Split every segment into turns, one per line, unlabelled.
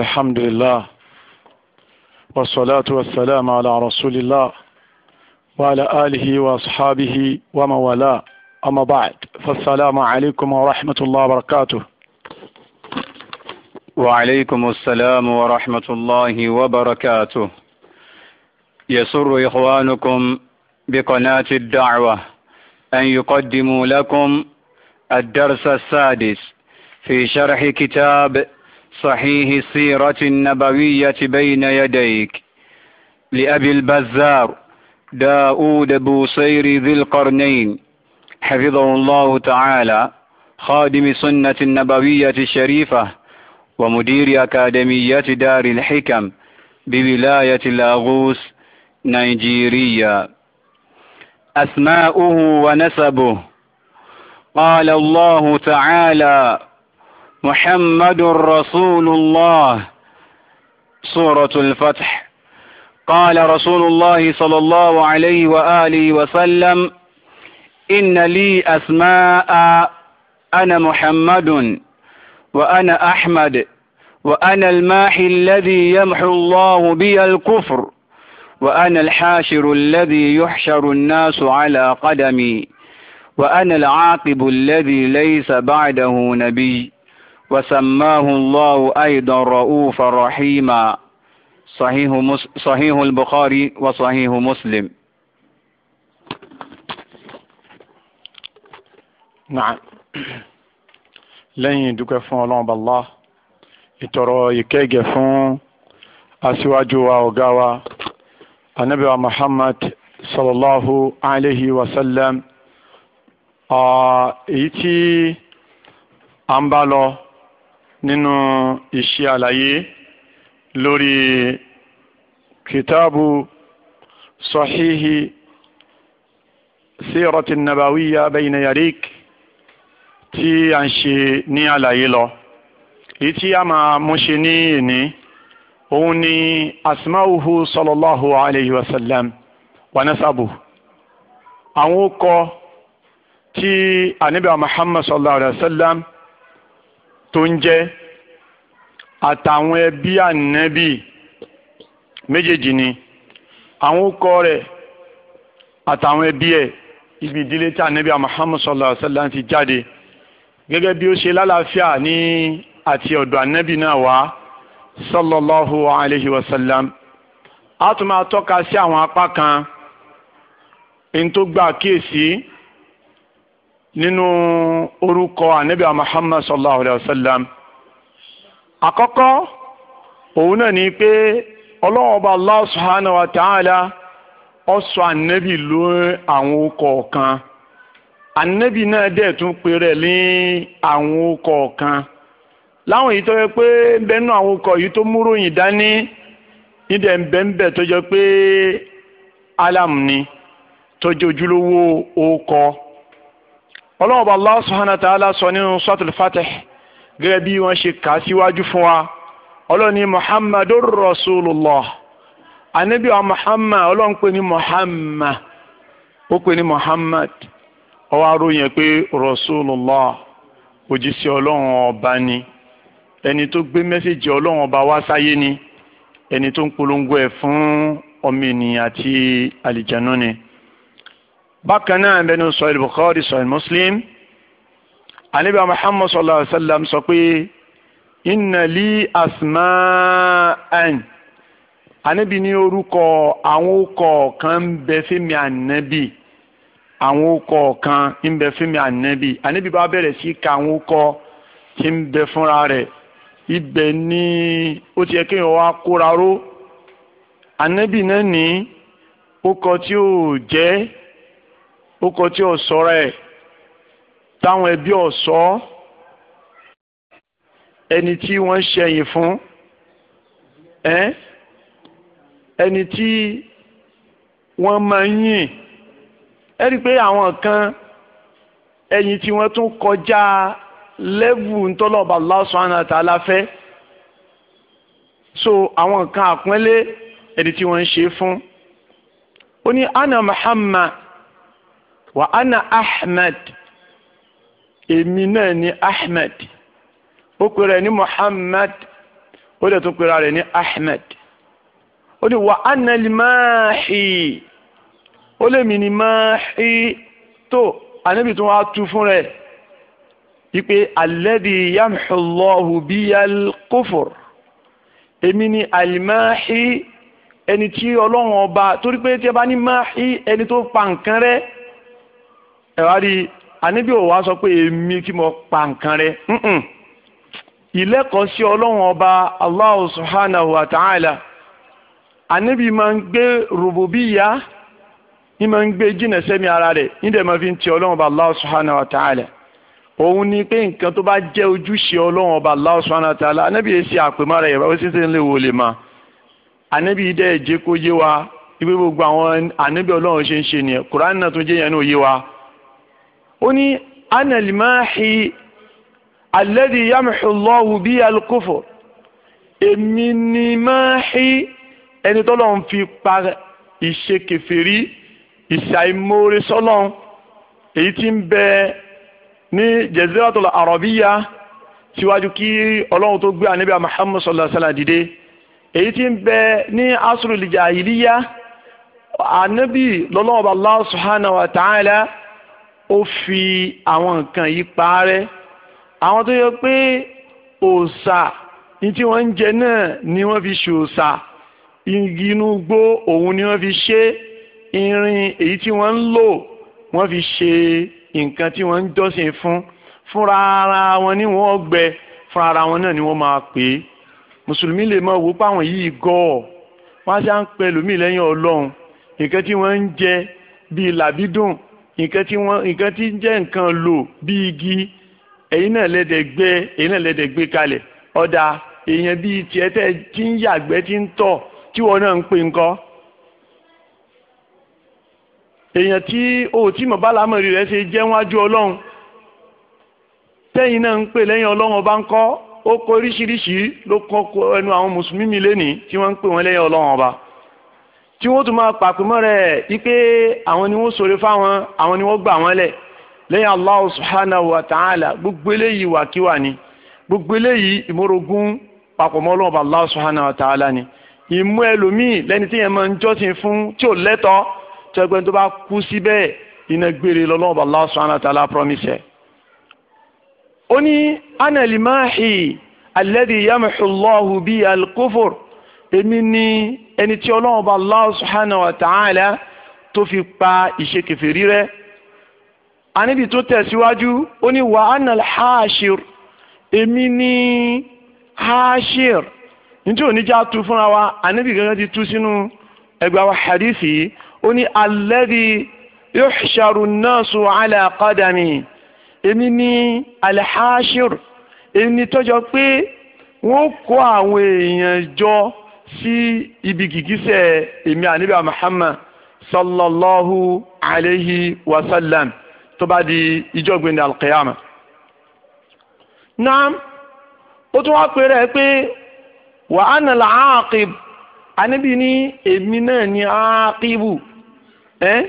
الحمد لله والصلاة والسلام على رسول الله وعلى آله وأصحابه ومن والاه أما بعد فالسلام عليكم ورحمة الله وبركاته
وعليكم السلام ورحمة الله وبركاته يسر إخوانكم بقناة الدعوة أن يقدموا لكم الدرس السادس في شرح كتاب صحيح السيرة النبوية بين يديك لأبي البزار داود بوصير ذي القرنين حفظه الله تعالى خادم سنة النبوية الشريفة ومدير أكاديمية دار الحكم بولاية لاغوس نيجيريا أسماؤه ونسبه قال الله تعالى محمد رسول الله سورة الفتح قال رسول الله صلى الله عليه وآله وسلم إن لي أسماء أنا محمد وأنا أحمد وأنا الماحي الذي يمحو الله بي الكفر وأنا الحاشر الذي يحشر الناس على قدمي وأنا العاقب الذي ليس بعده نبي وسماه الله أيضا رؤوفا رحيما صحيح, مس... صحيح البخاري وصحيح مسلم نعم
lẹ́yìn ìdúpẹ́ fún ọlọ́run bàlá ìtọ̀rọ̀ ìkẹ́gẹ́ fún aṣíwájú wa ọ̀gá wa ànábì wa muhammad sallallahu alayhi wa sallam èyí tí a ń bá lọ nínú ìṣe àlàyé lórí kìtàbù sọ̀híhì sírọ̀tì nàbàwíyà bayna yarik tí a ń ṣe ní àlàyé lọ èyí tí a máa mú ṣe ní ìní òun ni asma'uhu sallallahu alayhi wa sallam àwọn ó kọ tí anabi muhammad sallallahu alayhi wa tó ń jẹ́ àtàwọn ẹbí ànẹ́bì méjèèjì ni àwọn ọkọ rẹ̀ àtàwọn ẹbí ẹ̀ ibi ìdílé tí ànẹ́bì Muhammad sallallahu alaihi wasallam ti jáde gẹ́gẹ́ bí ó ṣe lálàáfíà ní àti ọ̀dọ̀ ànẹ́bì náà wá sallallahu alaihi wasallam a tún máa tọ́ka sí àwọn apá kan ẹni tó gba àkíyèsí. Si, nínú orúkọ anabi muhammad sallallahu alayhi wa sallam àkọ́kọ́ òun náà ni pé ọlọ́run allah wa sọ anabi ló àwọn okọ̀ anabi náà dẹ̀ tún ní àwọn kan láwọn èyí tó yẹ pé bẹ́ẹ̀ àwọn okọ̀ yìí tó múròyìn dání nídẹ̀ ń bẹ́ẹ̀ ń bẹ̀ tó alam ni tó ojúlówó ọlọ́run ọba allah subhanahu wa ta'ala sọ nínú suratul fatih gẹ́gẹ́ bí wọ́n ṣe kà á síwájú fún wa ọlọ́run ní muhammadu rasulullah anabi wa muhammad ọlọ́run pè ní muhammad ó pè ní muhammad ọwọ́ aróyìn pé rasulullah òjíṣẹ́ ọlọ́run ọba ni ẹni tó gbé mẹ́sẹ̀jì ọlọ́run ọba wá sáyé ni ẹni tó ń polongo ẹ̀ fún ọmọ ènìyàn àti àlìjánu ni bákan náà ń bẹnu sọ Bukhari sọ Muslim anabi Muhammad sallallahu alaihi wa sallam sọ pé inna li asma'an anabi ní orúkọ àwọn okọ kan ń bẹ fẹmi anabi àwọn okọ kan ń bẹ fẹmi anabi anabi bá bẹ̀rẹ̀ sí ka àwọn okọ tí ń bẹ fúnra rẹ̀ ibẹ̀ ni ó ti yẹ kéèyàn wá kóra ró anabi náà ní okọ tí ó jẹ́ ó kọ tí ò sọ rẹ̀ táwọn ẹbí ò sọ ẹni tí wọ́n ṣẹ̀yìn fún ẹni tí wọ́n máa ń yìn ẹ rí i pé àwọn kan ẹ̀yìn tí wọ́n tún kọjá lẹ́bù ntọ́lọ́ba Allah subhanahu wa ta'ala so àwọn kan àpọ́nlé ẹni tí wọ́n ń ṣe fún ó ní ana Muhammad wà á na ahmed èmi náà ni ahmed ó pèrè ní muhammad ó dẹ̀ tún pèrè rẹ̀ ní ahmed ó ní wà á na limáàhì ó lè mí ní máàhì tó ànábì tó wá tu fún rẹ̀ ipe alẹ́dì yamḥulọ́hu bíyàl kófòr èmi ni alimáàhì ẹni tí ọlọ́run ọba torí pé tí a bá ní máàhì ẹni tó pa nǹkan rẹ̀. ẹ wá rí àníbí ò wá sọ pé èmi kí mo pa nǹkan rẹ ìlẹ́kọ̀ọ́sí ọlọ́run ọba Allahu subhanahu wa ta'ala àníbí máa ń gbé rububiyya ní máa ń gbé jìnnà sẹ́mi ara rẹ̀ nídẹ̀ máa fi ń ti ọlọ́run ọba Allahu subhanahu wa ta'ala òun ni pé nǹkan tó bá jẹ́ ojúṣe ọlọ́run ọba Allahu subhanahu wa ta'ala àníbí yẹn ṣe àpèmọ́ rẹ̀ yẹ̀bá ṣe ń lè wò lè yẹn ó ní anàlìmáàhì alẹ́dì yamhullahu bí alukófò èmi ni máàhì ẹni tọ́lọ́ ń fi pa ìṣe kẹfẹ́rí ìṣàìmóore sọ́lọ́n èyí tí ń bẹ ní jaziratul arabiya síwájú kí ọlọ́run tó gbé ànábì Muhammad sallallahu alaihi wasallam dìde èyí tí ń bẹ ní asrul jahiliya ànábì lọ́lọ́run Allah subhanahu wa ta'ala ó fi àwọn nǹkan yìí parẹ́ àwọn tó yẹ pé òòṣà ní tí wọ́n ń jẹ náà ni wọ́n fi ṣòòṣà igi inú gbó òun ni wọ́n fi ṣe irin èyí tí wọ́n ń lò wọ́n fi ṣe nǹkan tí wọ́n ń jọ́sìn fún fúnra ara wọn ni wọ́n gbẹ fúnra ara wọn náà ni wọ́n máa pè é mùsùlùmí lè mọ òwúpọ̀ àwọn yìí gọ́ ọ wọ́n á ṣá ń pẹ́ lómi lẹ́yìn ọlọ́run nǹkan tí wọ́n ń jẹ bíi làbídùn nǹkan tí wọ́n nǹkan tí ń jẹ́ nǹkan lò bí igi ẹ̀yin náà lẹ́dẹ̀ gbé ẹ̀yin náà lẹ́dẹ̀ gbé kalẹ̀ ọ̀dà èèyàn bíi tiẹ̀ tẹ́ tí ń yàgbẹ́ tí ń tọ̀ tí wọ́n náà ń pè ńkọ́. èèyàn tí o tí mọ̀ bálámọ̀rí rẹ̀ ṣe jẹ́ wájú ọlọ́run tẹ́yìn náà ń pè lẹ́yìn ọlọ́run ọba ńkọ́ ó kọ oríṣiríṣi ló kọ́ ẹnu àwọn mùsùlùmí mi lénìí tí wọ́n ń pè wọ́n lẹ́yìn ọlọ́run ọba tí wọ́n tún máa pàpè mọ́ rẹ̀ wípé àwọn ni wọ́n sọ̀rọ̀ fáwọn àwọn ni wọ́n gbà wọ́n lẹ̀ lẹ́yìn Allah subhanahu wa ta'ala gbogbo eléyìí wàkíwà ni gbogbo eléyìí ìmọ̀rọ̀gún papọ̀ mọ́ ọlọ́run Allah subhanahu wa ta'ala ni ìmú ẹlòmíì lẹ́ni tí yẹn máa ń jọ́sìn fún tí ò lẹ́tọ̀ọ́ tí ẹgbẹ́ tó bá kú síbẹ̀ iná gbére lọ́lọ́run Allah subhanahu wa ta'ala promise ó ní analimahi alladhi yamhu Allahu èmi ni ẹni tí ọlọ́run bá Allah subhanahu wa ta'ala tó fi pa ìṣekèfèrí rẹ. àníbi tó tẹ̀síwájú ó ní wa anal haashir èmi ní haashir nítorí oníjà tu fúnra wa àníbi gẹ́gẹ́ ti tú sínú ẹgbàá wa hadithi ó ní alladhi yuhsharu an-nasu ala qadami èmi ní al-haashir èmi tọ́jọ́ pé wọ́n kó àwọn èèyàn jọ sí ibi gìgísẹ̀ èmi àníbà Muhammad sallallahu alayhi wa sallam tó bá di ìjọgbìn alqiyama. naam ó tún wá pé rẹ̀ pé wa ana al-aaqib àníbì ní èmi náà ní aaqibu ẹ́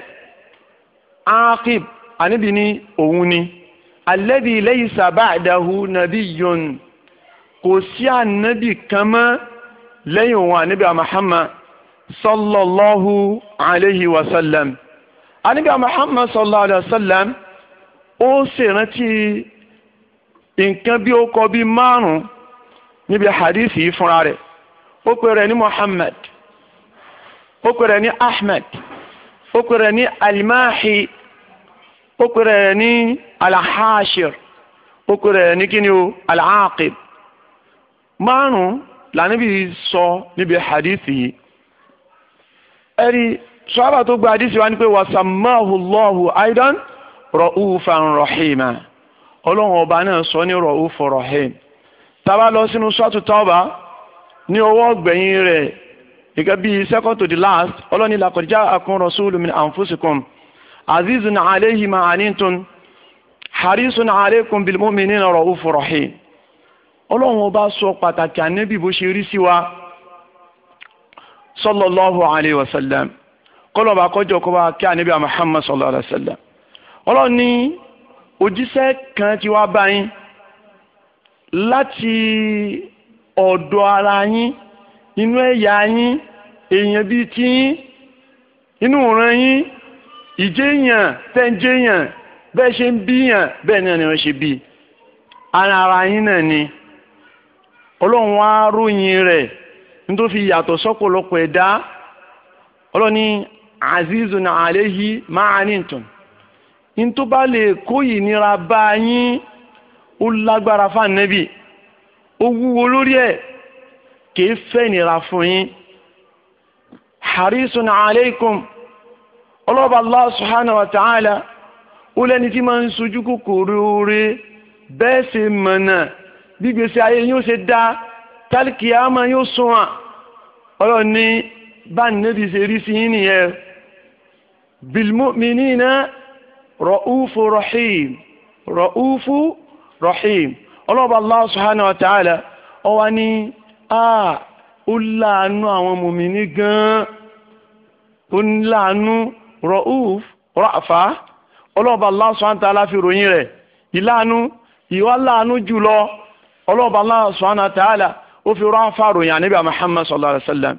aaqib àníbì ní òun ni alladhi laysa ba'dahu nabiyyun kò sí ànábì kan mọ́ lẹ́yìn òun ànábì Muhammad sallallahu alayhi wa sallam ànábì Muhammad sallallahu alayhi wa sallam ó ṣèrántí nǹkan bí ó kọ bí márùn-ún níbi hadith yìí fúnra rẹ̀ ó pè rẹ̀ ní Muhammad ó pè rẹ̀ ní Ahmed ó pè rẹ̀ ní Alimahi ó pè rẹ̀ ní Alahashir ó pè rẹ̀ ní kíni o Alaqib márùn lànàbí sọ níbi hadithi yìí ẹni sọ́ọ́bà tó gba hadithi wa ni pé wasamahu lọ́hu aidan rọ̀húfan rọ̀hìmà ọlọ́run ọba náà sọ ní rọ̀húfan rọ̀hìm tábà lọ sínú sọ́ọ̀tù tọ́ba ní ọwọ́ gbẹ̀yìn rẹ̀ gẹ́gẹ́ bíi second to the last ọlọ́ni làkọ̀já akun rasulun min anfusikum azizun alayhi ma harisun alaykum bilmuminina rọ̀húfan rọ̀hìm ọlọ́run ọba sọ pàtàkì ànábì bó ṣe rí sí wa sallallahu alayhi wa sallam kọlọba kọjọ kọba kí ànábì Muhammad sallallahu alayhi wa sallam ọlọ́run ní òjíṣẹ́ kan tí wá bá yín láti ọ̀dọ̀ ara yín inú ẹ̀yà yín èèyàn bíi ti yín inú ìran yín ìjéèyàn tẹ́ǹjéèyàn bẹ́ẹ̀ ṣe ń bíyàn bẹ́ẹ̀ náà ni wọ́n ṣe bí ara ara yín náà ni. ọlọ́run wá ròyìn rẹ̀ nítorí fi yàtọ̀ sọ́pọ̀lọpọ̀ ẹ̀dá ọlọ azizun alayhi ma'anintun ní tó bá lè kó ìnira bá yín ó lágbára fáànẹ́bì ó wúwo lórí ẹ̀ kì fẹ́ ìnira fún yín na ọlọ́ba allah subhanahu wa ta'ala ó lẹ́ni tí máa ń sojú kòkòrò gbígbèsè ayé yóò ṣe dá tálíkì àmà yóò sún à ọlọ́run ní báyìí níbi ṣe rí sí yín nìyẹn bilmu'minina ra'ufu rahim ra'ufu rahim ọlọ́ba Allah subhanahu wa ta'ala ọwa ní a ó láàánú àwọn mùmíní gan-an ó láàánú ra'uf ra'fa ọlọ́ba Allah subhanahu wa fi ròyìn rẹ̀ ìláàánú ìwà láàánú jùlọ ọlọ́ọ̀bà Allah subhanahu wa ta'ala ó fi ránfà ròyìn àníbà Muhammad sallallahu alayhi wa sallam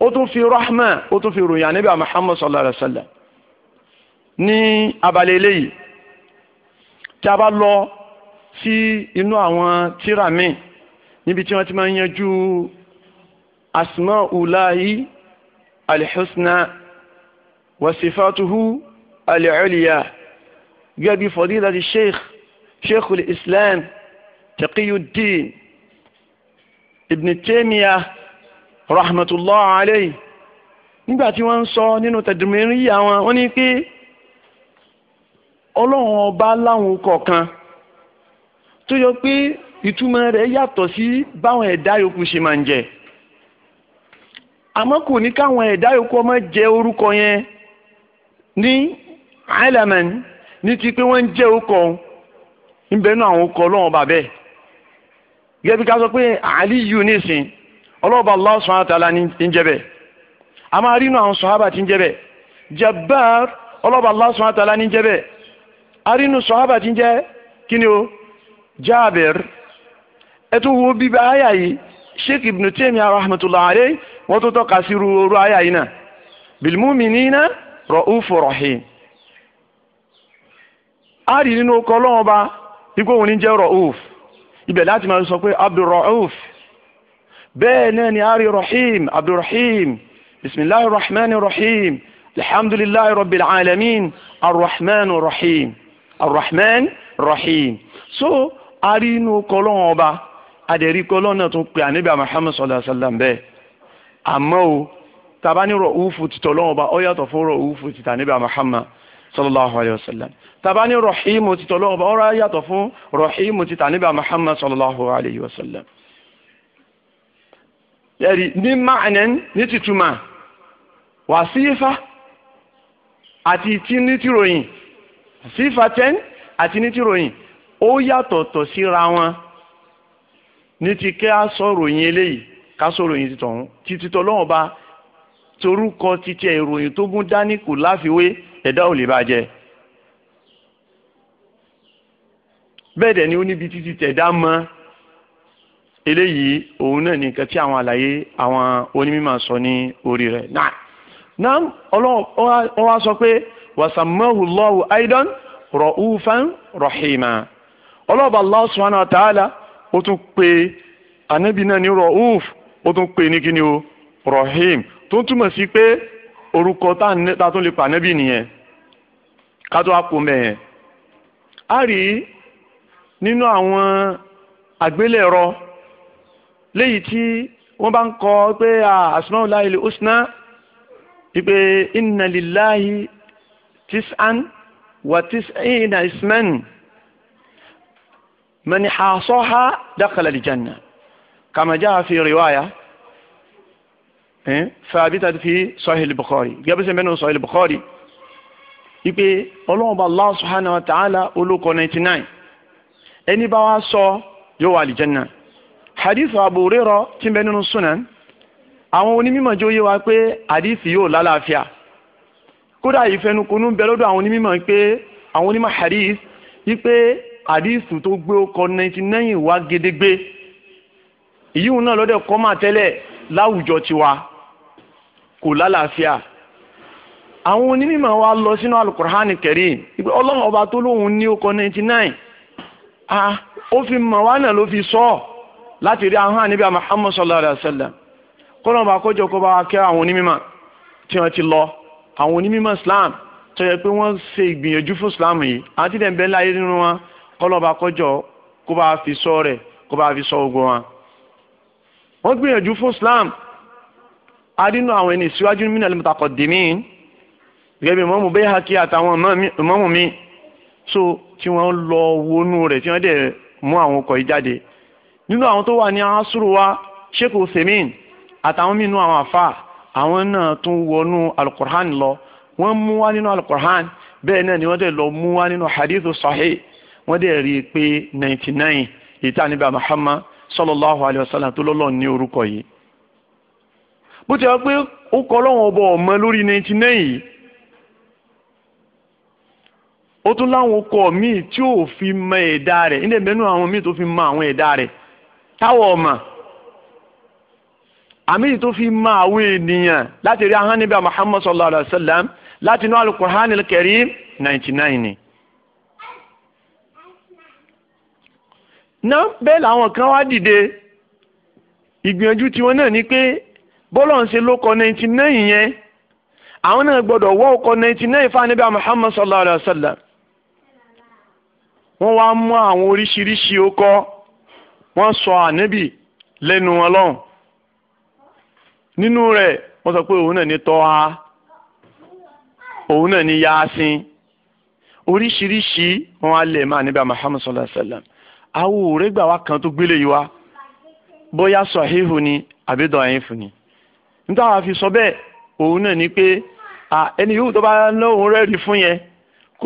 ó tún fi rahma ó tún fi ròyìn àníbà Muhammad sallallahu alayhi wa sallam ní abalẹ̀ eléyìí tí a bá lọ sí inú àwọn tíra míì níbi tí wọ́n ti máa ń yanjú asma'ulahi alhusna wasifatuhu al'uliya gẹ́gẹ́ bí fadilati sheikh sheikh islam taqiyuddin ibn taymiya rahmatulah alayhi nígbà tí wọ́n ń sọ nínú tẹ̀dùmẹ́rì àwọn wọ́n ní pé ọlọ́run ọba láwọn kọ̀ọ̀kan tó yọ pé ìtumọ̀ rẹ̀ yàtọ̀ sí báwọn ẹ̀dá yòókù ṣe máa ń jẹ àmọ́ kò ní káwọn ẹ̀dá yòókù ọmọ jẹ orúkọ yẹn ní alaman ní ti pé wọ́n ń jẹ́ orúkọ ń bẹ́ẹ̀ àwọn orúkọ ọlọ́run ọba bẹ́ẹ̀ gẹ́gẹ́ bí ká sọ pé Aliyu nísìn ọlọ́ọ̀bà Allah subhanahu wa ta'ala ní ti ń jẹ́ bẹ́ẹ̀ a máa rí inú àwọn sọ̀hábà ti ń Jabbar ọlọ́ọ̀bà Allah subhanahu wa ta'ala ní jẹ́ bẹ́ẹ̀ a rí inú sọ̀hábà ti ń kí ni o Jabir ẹtú wo bíbá àyà yìí Sheikh Ibn Taymiyyah rahmatullahi alayhi wọ́n tó tọ́ka sí ru àyà yìí náà bil mu'minina ra'ufur rahim a rí nínú ọkọ̀ ọlọ́wọ́n ba ikú òun ní jẹ́ ra'uf ibẹ̀ láti máa sọ pé abdulrauf bẹ́ẹ̀ náà ni ari rahim abdulrahim bisimilahi rahman rahim alhamdulilahi rabbil alamin arrahman rahim arrahman rahim so ari inú kọlọ́n ọba adẹ̀rí kọlọ́n náà tún pè ànábì muhammad sallallahu alayhi wa sallam bẹ́ẹ̀ àmọ́ o tàbá ní rọ̀ ufu títọ́ lọ́wọ́ ọba ó yàtọ̀ fún rọ̀ ufu títà muhammad sallallahu alayhi wa sallam tabani rahimu ti tọ́lọ́wọ́ bá ọ̀rọ̀ yàtọ̀ fún rahimu ti tàníbà muhammad sallallahu alayhi wa sallam. yẹ́rì ní ma'anan ní tituma wàsífà àti tí ní tìròyìn sífà ten àti ní tìròyìn ó yàtọ̀tọ̀ síra wọn ní ti kí a sọ̀rọ̀ yín eléyìí ká sọ̀rọ̀ yín titọ̀hún títí tọ́lọ́wọ́ bá torúkọ títí ìròyìn tó gún dání kò láfiwé ẹ̀dá ò lè bàjẹ́ bẹ́ẹ̀ dẹ̀ ni ó níbi títí tẹ̀dá mọ́ eléyìí òun náà ní nǹkan tí àwọn àlàyé àwọn onímọ̀ sọ ní orí rẹ̀ náà náà ọlọ́wọ́ wa sọ pé wasamahu llahu aidan ra'ufan rahima ọlọ́ọ̀bà Allah subhanahu ta'ala ó tún pè anabi náà ní ra'uf ó tún pè ní kíni o rahim tó ń túmọ̀ sí pé orúkọ lè pa anabi nìyẹn ká tó a kó a rí nínú àwọn àgbélẹ̀rọ léyìí tí wọ́n bá ń kọ pé asmaulahi husna ipe inna lillahi tis'an wa tis'ina isman man hasaha dakhala aljanna kama jaa fi riwaya fàbítà eh, fi sọ́hìlì bukhari gẹ́gẹ́ sẹ́yìn bẹ́ẹ̀ ní sọ́hìlì bukhari ipe ọlọ́run bá Allah subhanahu wa ta'ala olóko 99 ẹni bá wá sọ yóò wà àlìjẹ́nà hadith Abu Hurairah tí ń bẹ nínú sunan àwọn onímọ̀ jẹ́ òye wa pé hadith yóò lálàáfíà kódà ìfẹnukonu bẹ lọ́dọ̀ àwọn onímọ̀ pé àwọn onímọ̀ hadith yí pé hadith tó gbé ọkọ̀ ninety wá gédégbé ìyíhun náà lọ́dẹ̀ kọ́mà tẹ́lẹ̀ láwùjọ tiwa kò lálàáfíà àwọn onímọ̀ wa lọ sínú alukur'an karim ọlọ́run ọba tó lóun ní ọkọ̀ ninety a ah, ó fi mọ̀ wá náà ló fi sọ ọ́ láti rí ahọ́n àníbi Muhammad sallallahu alayhi wa sallam kọ́nà bá kọjọ kó bá wa kẹ́ àwọn onímọ̀ tí wọ́n ti lọ àwọn onímọ̀ Islam tó yẹ pé wọ́n ṣe ìgbìyànjú fún Islam yìí àti dẹ̀ ń bẹ́ láyé nínú wọn kọ́nà bá kọjọ kó bá fi sọ rẹ̀ kó bá fi sọ ogun wọn. wọ́n gbìyànjú fún Islam adínú àwọn ẹni ìsíwájú nínú al-mutaqaddimin gẹ́gẹ́ bí mọ́mú Bayhaqi àtàwọn mọ́mú mi so tí wọ́n lọ wọnú rẹ̀ tí wọ́n dẹ̀ mú àwọn ọkọ̀ yìí jáde nínú àwọn tó wà ní asúrù wa sheikh semin àtàwọn mínú àwọn àfa àwọn náà tún wọnú alukur'an lọ wọ́n mú wá nínú alukur'an bẹ́ẹ̀ náà ni wọ́n dẹ̀ lọ mú wá nínú hadithu sahih wọ́n dẹ̀ rí i pé ninety nine ìta níbi Muhammad sallallahu alayhi wa sallam tó lọ́lọ́ ní orúkọ yìí bó ti wá pé ó kọ́ lọ́wọ́ ọbọ̀ ọmọ lórí ninety nine yìí ó tún láwọn ọkọ míì tí ò fi mọ ẹ̀dá rẹ̀ nílẹ̀ mẹ́nu àwọn míì tó fi mọ àwọn ẹ̀dá rẹ̀ táwọ̀ ọ̀mà àmì tó fi mọ àwọn ènìyàn láti rí ahọ́n níbi Muhammad sallallahu alayhi wa sallam láti inú al-Qur'an al ninety nine náà bẹ́ẹ̀ làwọn kan tiwọn náà ni pé bọ́lọ̀ ń ṣe kọ ninety nine yẹn àwọn náà gbọ́dọ̀ wọ́ ọkọ̀ ninety nine Muhammad sallallahu wọ́n wá mú àwọn oríṣiríṣi okọ́ wọ́n sọ ànábì lẹ́nu ọlọ́run nínú rẹ̀ wọ́n sọ pé òun náà ní tọ́ha òun náà yaasin oríṣiríṣi wọn á lè máa níbà Muhammad sallallahu alayhi wa sallam kan tó gbélé yìí wá bóyá sọ̀híhù ni àbí dọ̀yìnfù ni nítorí àwọn àfi sọ bẹ́ẹ̀ òun náà ní pé ẹni yòówù tó bá lóun rẹ́ẹ̀rí fún yẹn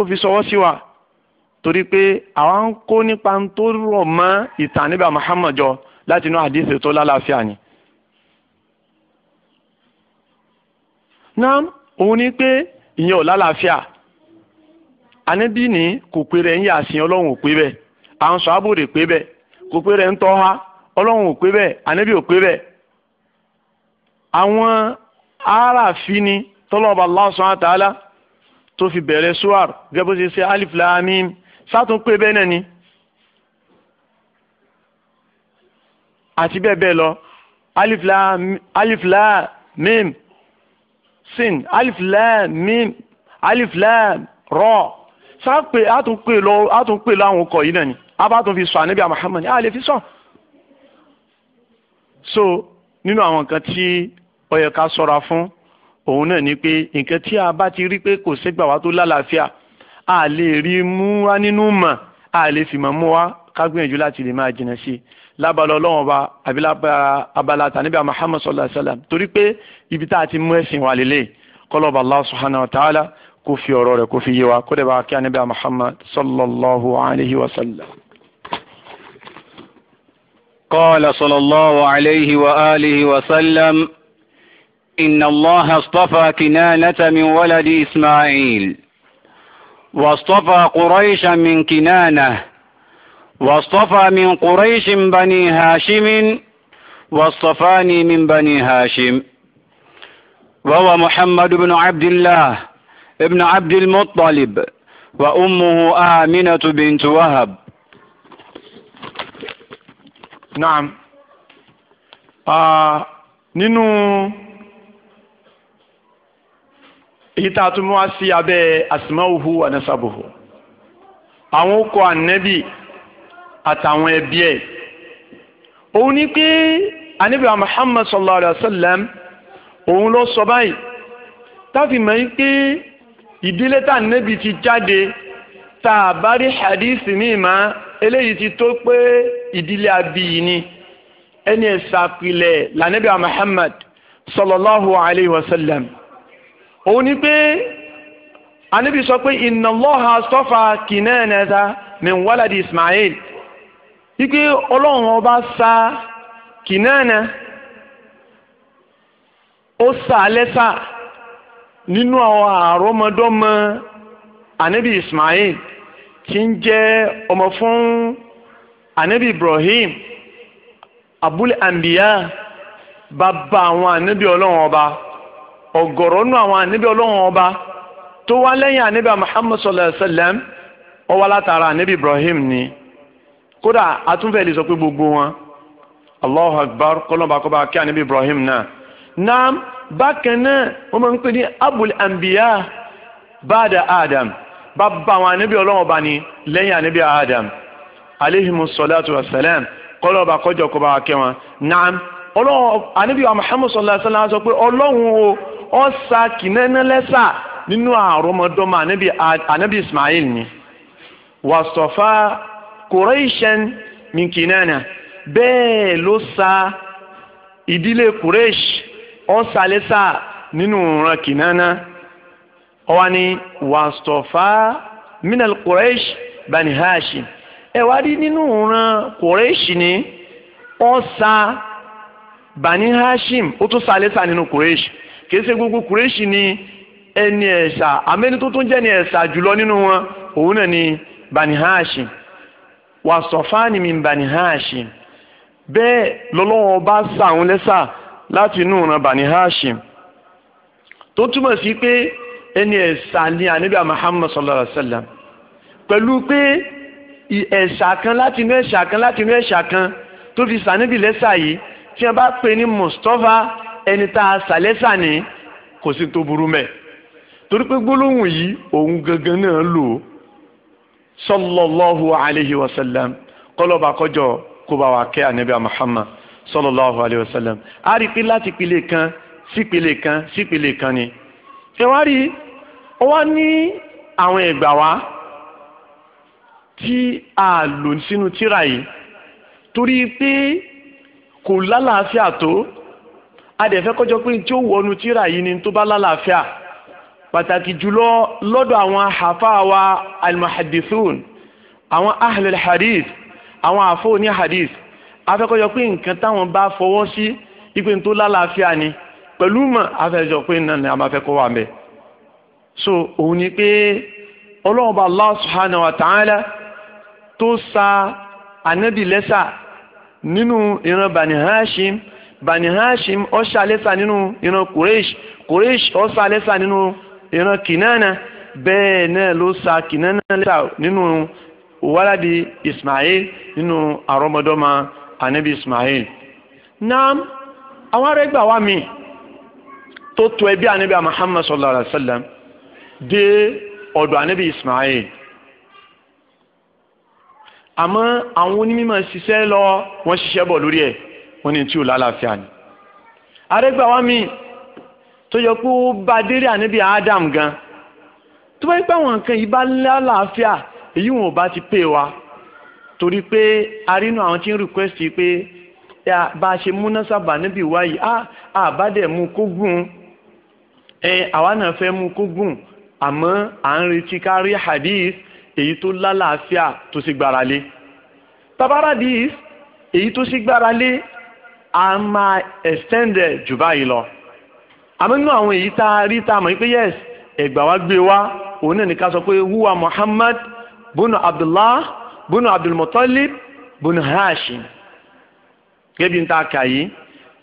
fi sọwọ́ wa. torí pé àwọn ń kó nípa tó rọ̀ mọ́ ìtàn níbà Muhammad jọ láti inú àdìsí tó lálàáfíà ni. náà òun ni pé ìyẹn ò lálàáfíà ànábì ní kò pé rẹ̀ ń yà sí ọlọ́run ò pé bẹ́ẹ̀ à ń sọ àbòrè pé bẹ́ẹ̀ kò pé rẹ̀ ń tọ́ ha ọlọ́run ò pé bẹ́ẹ̀ ànábì ò pé bẹ́ẹ̀. àwọn aráàfin ni tọ́lọ́ọ̀bà Allah subhanahu wa ta'ala tó fi bẹ̀rẹ̀ suwar gẹ́gẹ́ bó ṣe ṣe alif lam sátún pé bẹ́ẹ̀ náà ni àti bẹ́ẹ̀ bẹ́ẹ̀ lọ alif mim sin alif mim alif lam ra sápè àtún pè lọ àtún pè lọ àwọn ọkọ̀ yìí náà ni abátún fi sọ ànábì Muhammad a lè fi sọ so nínú àwọn nǹkan tí ó yẹ ká ṣọ́ra fún òun náà ni pé nǹkan tí a bá ti rí pé kò ségbà wá tó lálàáfíà a lè rí mú wá nínú mọ̀ a lè fìmọ̀ mú wá ká gbìyànjú láti lè máa jìnnà sí i lábala ọlọ́wọ́n ba àbí lábala abala tàníbi Muhammad sallallahu alayhi wa sallam torí pé ibi tá a ti mú ẹ̀sìn wà lélẹ̀ kọlọ́ba Allah subhanahu wa fi ọ̀rọ̀ rẹ̀ kó fi yé wa kó dẹ̀ bá kí àníbi Muhammad sallallahu alayhi wa sallam.
قال صلى الله عليه وآله وسلم إن الله اصطفى كنانة من ولد إسماعيل واصطفى قريشا من كنانة واصطفى من قريش بني هاشم واصطفاني من بني هاشم وهو محمد بن عبد الله ابن عبد المطلب وأمه آمنة بنت وهب نعم آه
نينو èyí tá a tún mú wá sí abẹ́ asmauhu wa nasabuhu àwọn ó kọ ànẹ́bì àtàwọn ẹbí ẹ̀ òun ni pé ànábì muhammad sallallahu alayhi wa sallam òun ló sọ báyìí táfi mọ̀ yín pé ìdílé tá ànẹ́bì ti jáde tá a bá rí hadith míì má eléyìí ti tó pé ìdílé abiyì ni ẹni ẹ̀sàpilẹ̀ lànẹ́bì muhammad sallallahu alayhi wa sallam. òun ni pé anabi sọ pé inna Allaha astafa Kinanata min waladi Ismail wípé ọlọ́run ọba sa Kinana ó sa lẹ́sà nínú àwọn àrọ́mọdọ́mọ anabi Ismail tí ń jẹ́ ọmọ fún anabi Ibrahim abul anbiya bàbá àwọn anabi ọlọ́run ọba. ọ̀gọ̀rọ̀ nù àwọn ànábì ọlọ́run ọba tó wá lẹ́yìn ànábì muhammad sallallahu alayhi wa sallam ó wá látara ànábì ibrahim ni kódà àtúnfẹ́ lè sọ pé gbogbo wọn allahu akbar kọ́lọ́ba kọ́ba kí ànábì ibrahim náà náà bákan náà wọ́n máa ń pè ní abul anbiya bada adam bàbá àwọn ànábì ọlọ́run ọba ni lẹ́yìn ànábì adam aleyhimu salatu wa salam kọ́lọ́ba kọjọ kọ́ba kẹwọn náà ọlọ́run ànábì muhammad sallallahu alayhi wa sọ pé ọlọ́run o ọ̀sà kìnnẹ́nẹ́lẹ́sà nínú àrọ́mọdọ́mọ anabi ismail ni wàsọ̀fà kùrẹ́ṣẹ́n min kìnnẹ́nà bẹ́ẹ̀ ló sa ìdílé kùrẹ́ṣ ọ̀sàlẹ́sà nínú ìran kìnnẹ́nà ọwọ́ ni wàsọ̀fà minal kùrẹ́ṣ bani hashim ẹ̀wá rí nínú ìran kùrẹ́ṣ ni ọ̀sà bani hashim ó tún sàlẹ́sà nínú kùrẹ́ṣ. Kese ṣe gbogbo kùrẹ́ṣì ni ẹni ẹ̀ṣà àmẹ́ni tó tún ni ẹ̀ṣà jùlọ nínú wọn òun náà ni banihashi haashim wà sọ̀fáàní mi bani haashim bẹ́ẹ̀ lọ́lọ́wọ́ bá sàwọn lẹ́sà láti inú ọ̀nà bani haashim tó túmọ̀ sí pé ẹni ẹ̀ṣà ni ànábì muhammad sallallahu alayhi wa sallam pẹ̀lú pé ẹ̀ṣà kan láti inú ẹ̀ṣà kan láti inú ẹ̀ṣà kan tó fi sànábì lẹ́sà yìí tí wọ́n bá pè ní mustapha ẹni tá a sàlẹ́sà ní kò sí tó burú mẹ́ torí pé gbólóhùn yìí òun gangan náà lò ó sallallahu alayhi wa sallam kọlọba kọjọ kó bá wa kẹ́ anabi muhammad sallallahu alayhi wa sallam a rí i pé láti pele kan sí pele kan sí pele kan ni ẹ wá rí ọ wá ní àwọn ẹgbà wa tí a lò sínú tírà yìí torí pé kò lálàáfíà tó adẹ̀fẹ́ kọjọ pé tí ó wọnú tíra yìí ni tó bá lálàáfíà pàtàkì jùlọ lọ́dọ̀ àwọn àfa wa almuhadithun àwọn ahlul hadith àwọn àfọ oní hadith afẹ́kọjọ pé nǹkan táwọn bá fọwọ́ sí ipe tó lálàáfíà ni pẹ̀lú mọ̀ afẹ́jọ pé náà ni a máa fẹ́ kọ́ wa mẹ́ so òun ni pé ọlọ́run bá Allah subhanahu wa ta'ala tó sa anabi lẹ́sà nínú ìran bani hashim bani hashim ó ṣàlẹ́sà nínú ìran kureish kureish ó ṣàlẹ́sà nínú ìran kinana bẹ́ẹ̀ náà ló sa kinana lẹ́sà nínú waladi ismail nínú àrọ́mọdọ́mọ anabi ismail. naam àwọn arẹ́gbà wa mi tó tó ẹbí anabi muhammad sallallahu alayhi wa sallam dé ọ̀dọ̀ anabi ismail àmọ́ àwọn onímọ̀ ṣiṣẹ́ lọ wọ́n ṣiṣẹ́ bọ̀ lórí ẹ̀ wọ́n ní tí ò lálàáfíà ni. àrẹ́gbà wa mi tó yẹ kó bá délé ànábì Adam gan tó bá yẹ pé àwọn nǹkan yìí bá lálàáfíà èyí wọn ò bá ti pè wá torí pé arínú àwọn tí ń request pé bá a ṣe múná sábà níbi ìwáyìí a àbádẹ mú kó gùn ẹ àwa náà fẹ́ mú kó gùn àmọ́ à ń retí ká rí hadith èyí tó lálàáfíà tó sì gbára lé tabaradis èyí tó sì gbára lé a máa extended ẹ̀ jù báyìí lọ àmì nínú àwọn èyí tá a rí tá a mọ̀ pé yes ẹ̀gbà wa gbé wa òun náà ní ká sọ pé huwa Muhammad bunu Abdullah bunu Abdulmutalib bunu Hashim gẹ́gẹ́ bí n ta kà yìí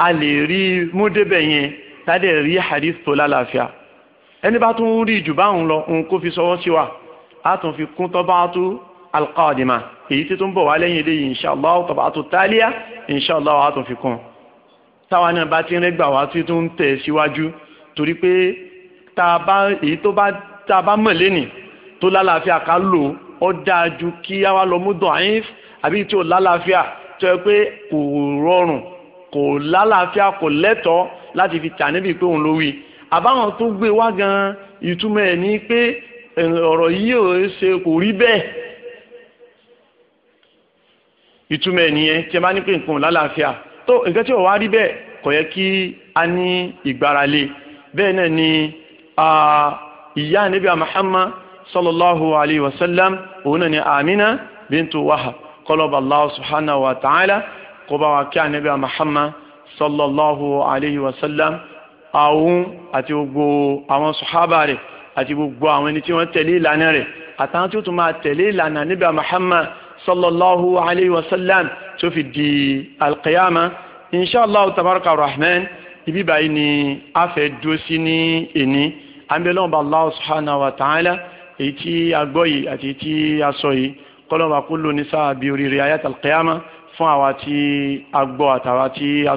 a lè rí múdébẹ̀ yẹn tádé rí hadith tó lálàáfíà ẹni bá tún rí jù báwọn lọ òun kó fi sọwọ́ sí wa a tún fi kún tọ́ bá tún alqaadima èyí tí tó ń bọ̀ wá lẹ́yìn eléyìí inshallah tọ̀bà àtò tálíà inshallah wà á tún fi kún táwa náà bá ti rẹ́ gbà wá tí tó ń tẹ̀ síwájú torí pé tá a bá èyí tó bá tá a bá mọ̀ lẹ́nì tó lálàáfíà ká lò ó dáa ju kí a wá lọ mú dàn àbí tí ò lálàáfíà tó yẹ pé kò rọrùn kò lálàáfíà kò lẹ́tọ̀ọ́ láti fi tà níbi pé òun ló wí àbáwọn tó gbé wá gan ìtumọ̀ ẹ̀ ní pé ọ̀rọ̀ yìí ò ṣe kò rí bẹ́ẹ̀ ìtumọ̀ ẹ̀ nìyẹn tí ẹ bá ní pé nǹkan lálàáfíà tó nǹkan tí ò wá rí bẹ́ẹ̀ kò yẹ kí a ní ìgbáralé bẹ́ẹ̀ náà ni ìyá ànábì Muhammad sallallahu alayhi wa sallam òun náà ni Amina bintu Wahab kọlọ́ba Allah subhanahu wa ta'ala kó bá wa kí ànábì Muhammad sallallahu alayhi wa sallam àwọn àti gbogbo àwọn sàhábà rẹ̀ àti gbogbo àwọn ẹni tí wọ́n tẹ̀lé ìlànà rẹ̀ àtàwọn tí ó tún máa tẹ̀lé ìlànà ànábì Muhammad sallallahu alayhi wa sallam tó fi di alqiyama inshallah tabaraka rahman ibi báyìí ni a fẹ́ dúró sí ní èní anbẹ́lọ́mọba allah subhanahu wa ta'ala èyí tí a gbọ́ yìí àti èyí tí a sọ yìí kọ́lọ́mọba kó lóní sáà bí oríire ayat alqiyama fún àwa tí a gbọ́ àtàwa tí a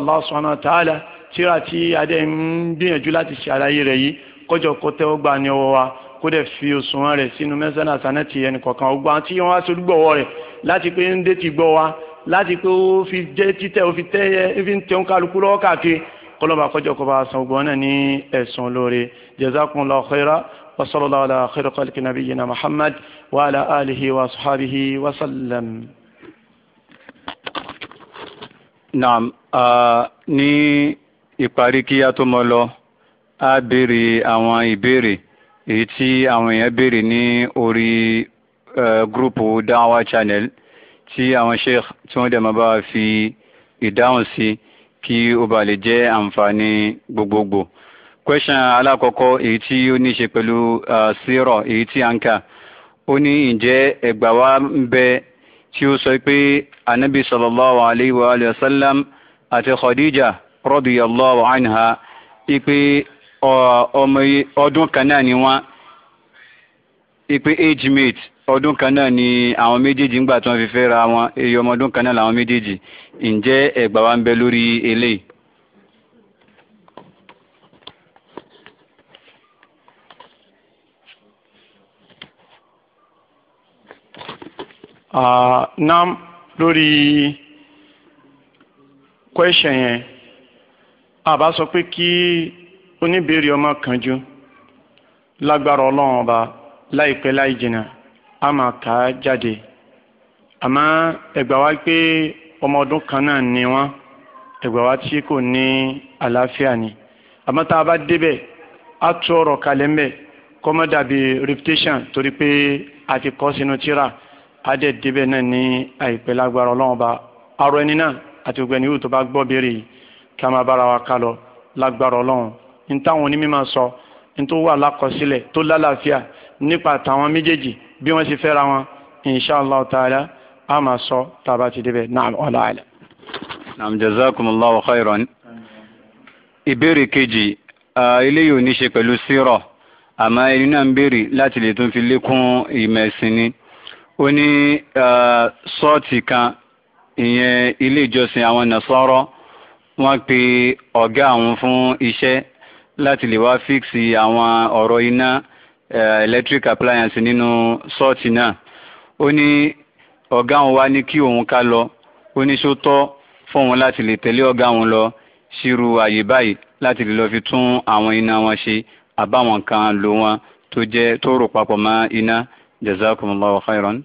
allah subhanahu wa ta'ala tíra tí adé ń gbìyànjú láti ṣe àlàyé rẹ̀ yìí kọjọ kọtẹ́ ó gbà ní wa kó dẹ̀ fi òṣùwọ̀n rẹ̀ sínú mẹ́sánà sanẹ́tì ẹnì kọ̀ọ̀kan ogbó àti wọn wá sórí gbọ̀wọ́ rẹ̀ láti pé ń dé ti gbọ́ wa láti pé ó fi jẹ́ títẹ̀ ó fi tẹ́ ẹ fi tẹun kálukú lọ́wọ́ káàkiri kọlọ́ba kọjọ kọba san ogbó náà ní ẹ̀sùn lóore jazakumullahu khaira wa sallallahu ala khairi khalqi nabiyyina muhammad wa ala alihi wa sahbihi wa
sallam. naam ní ìparí kí tó mọ lọ a béèrè àwọn ìbéèrè èyí tí àwọn èèyàn béèrè ní orí gúrùpù dáwà channel tí àwọn sheikh tí wọ́n dẹ̀ máa bá fi ìdáhùn sí kí ó bá lè jẹ́ àǹfààní gbogbogbò. question alákọ̀ọ́kọ́ èyí tí ó ní ṣe pẹ̀lú sírọ̀ èyí tí à ń kà ó ní ǹjẹ́ ẹgbà wa ń bẹ tí ó sọ pé anabi sallallahu alayhi wa sallam àti khadija radiyallahu anha ipe ọmọ ọdún kan náà ni wọ́n ipe age mate ọdún kan náà ni àwọn méjèèjì ńgbà tí wọ́n fi fẹ́ ra wọn èyí ọmọ ọdún kan náà làwọn méjèèjì ǹjẹ́ ẹ̀gbà wa ń bẹ lórí eléyìí.
nam lórí question yẹn a bá sọ pé kí oníbèrè ọmọ kanjú lágbára ọlọ́run ọba láìpẹ́ láì jìnnà a máa kà á jáde àmọ́ ẹgbà wá pé ọmọ ọdún kan náà ni wọ́n ẹgbà wá tí kò ní àlàáfíà ni àmọ́ tá a bá débẹ̀ a tú ọ̀rọ̀ kalẹ̀ ńbẹ̀ kọ́mọ́ dàbí reputation torí pé a ti kọ́ sínú tíra a dẹ̀ débẹ̀ náà ní àìpẹ́ lágbára ọlọ́run ọba arọ ẹni náà àti gbogbo ẹni yóò tó bá gbọ́ béèrè kí a máa bára wa ká lọ lágbára ọlọ́run ntáwọn onímọ̀ sọ ntó wà lákọsílẹ̀ tó lálàáfíà nípa tàwọn méjèèjì bí wọ́n ṣe fẹ́ra wọn inshallah ta'ala a máa sọ tàbá ti débẹ̀ náà ọ̀la àlẹ́.
naam jazakumullahu khairan ìbéèrè kejì eléyìí ò ní ṣe pẹ̀lú sírọ̀ àmọ́ ẹni náà ń béèrè láti lè tún fi lékún ìmọ̀ ni ó ní sọ́ọ̀tì kan ìyẹn ilé ìjọsìn àwọn nàṣọ́rọ́ wọ́n pe ọ̀gá àwọn fún iṣẹ́ láti lè wá fíksì àwọn ọ̀rọ̀ iná electric appliance nínú ṣọ́ọ̀tì náà ó ní ọ̀gá òun wá ní kí òun ká lọ ó ní ṣó tọ́ fóun láti lè tẹ̀lé ọ̀gá òun lọ sírú àyè báyìí láti lè lọ fi tún àwọn iná wọn ṣe àbáwọn kan lò wọn tó jẹ́ tó rò papọ̀ mọ́ iná jazakumullahu khairan.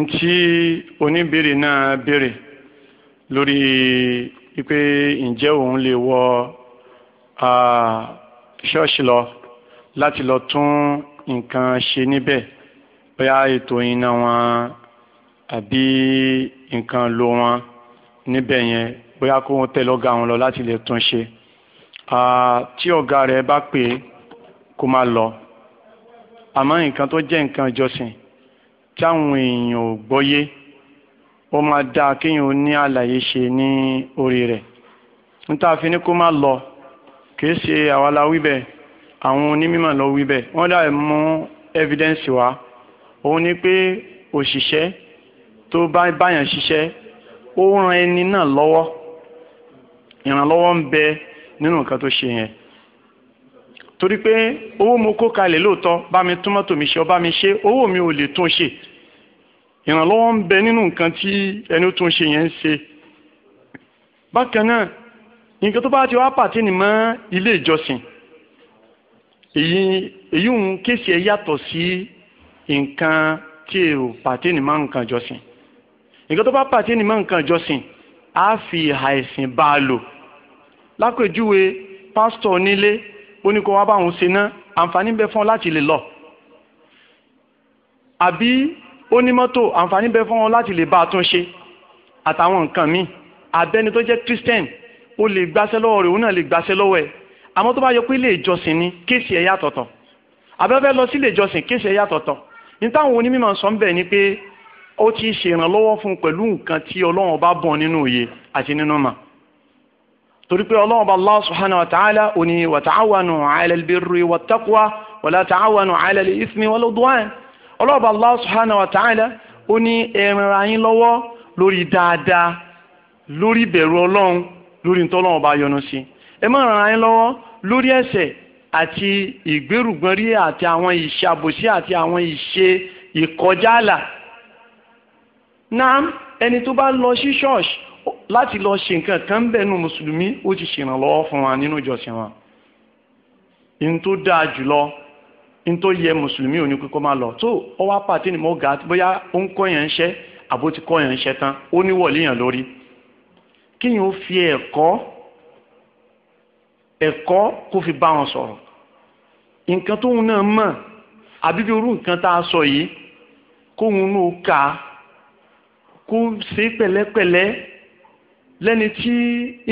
ntí oníbèrè náà béèrè lórí wípé ǹjẹ́ òun lè wọ ṣọ́ọ̀ṣì lọ láti lọ tún nǹkan ṣe níbẹ̀ bóyá ètò iná wọn àbí nǹkan lo wọn níbẹ̀ yẹn bóyá kó wọn tẹ̀ lọ́gàá wọn lọ láti lè tún ṣe tí ọ̀gá rẹ̀ bá pè é kó máa lọ àmọ́ nǹkan tó jẹ́ nǹkan ìjọsìn tí èèyàn ò gbọ́yé ó máa dáa kéèyàn ó ní àlàyé ṣe ní orí rẹ̀ níta fi ní kó má lọ kìí ṣe àwa la wí bẹ́ẹ̀ àwọn onímọ̀ lọ wí bẹ́ẹ̀ wọ́n dà mú evidence wá òun ni pé òṣìṣẹ́ tó bá báyàn ṣiṣẹ́ ó ran ẹni náà lọ́wọ́ ìrànlọ́wọ́ ń bẹ nínú nǹkan tó ṣe yẹn torí pé owó mo kó kalẹ̀ lóòótọ́ bá mi tún mọ́tò ṣe ọ bá mi ṣe owó mi ò lè tún ṣe ìrànlọ́wọ́ ń bẹ nínú nǹkan tí ẹni ó tún ṣe yẹn ń ṣe bákan náà nǹkan tó bá ti wá pàtí ni mọ́ ilé ìjọsìn èyí èyí ń kéṣe yàtọ̀ sí nǹkan tí èrò pàtí ni mọ́ nǹkan ìjọsìn nǹkan tó bá pàtí ni nǹkan ìjọsìn á fi ìhà bá a lò lápèjúwe pásítọ̀ onílé ó ní kó wá báwọn ṣe ná àǹfààní ń bẹ fún ọ láti lè lọ àbí ó ní mọ́tò àǹfààní bẹ fún wọn láti lè bá a tún ṣe àtàwọn nǹkan míì àbẹ́ni tó jẹ́ christian ó lè gbaṣẹ́ lọ́wọ́ rẹ̀ òun náà lè gbaṣẹ́ lọ́wọ́ ẹ̀ àmọ́ tó bá yẹ pé ilé ìjọsìn ni kéèsì ẹ̀ yàtọ̀tọ̀ àbẹ́fẹ́ lọ sí ilé ìjọsìn kéèsì ẹ̀ yàtọ̀tọ̀ ní táwọn onímọ̀ sọ ń bẹ̀ ni pé ó ti ṣèrànlọ́wọ́ fún pẹ̀lú nǹkan tí ọlọ́run bá bọ̀ nínú òye àti nínú mà torí pé ọlọ́run bá Allah subhanahu wa ta'ala òní wa ta'awanu ala al-birri wa taqwa wa la ta'awanu ala al-ithmi wal udwan ọlọ́ọ̀bà Allah subhanahu wa ta'ala ó ní ẹ ran ara yín lọ́wọ́ lórí dáadáa lórí ìbẹ̀rù ọlọ́run lórí ntọ́lọ́run bá yọ́nú sí ẹ má ran ara yín lọ́wọ́ lórí ẹ̀ṣẹ̀ àti ìgbérùgbọ́nrí àti àwọn ìṣe àbòsí àti àwọn ìṣe ìkọjáàlà náà ẹni tó bá lọ sí ṣọ́ọ̀ṣì láti lọ ṣe nǹkan kan bẹ́ẹ̀ nu mùsùlùmí ó ti ṣèrànlọ́wọ́ fún wa nínú ìjọsìn wa ìyẹn tó dáa jùlọ n tó yẹ mùsùlùmí òní kíkọ́ máa lọ tó ọwọ́ apàtì ni mo ga bóyá ó ń kọ́ yẹn ń ṣẹ́ àbó ti kọ́ yẹn ń ṣẹ́ tán ó níwọ̀lé yẹn lórí kíyìn ó fi ẹ̀kọ́ ẹ̀kọ́ kó fi bá wọn sọ̀rọ̀ nǹkan tóun náà mọ̀ àbí bí irú nǹkan tá a sọ yìí kóun náà kà á kó ṣe pẹ̀lẹ́pẹ̀lẹ́ lẹ́ni tí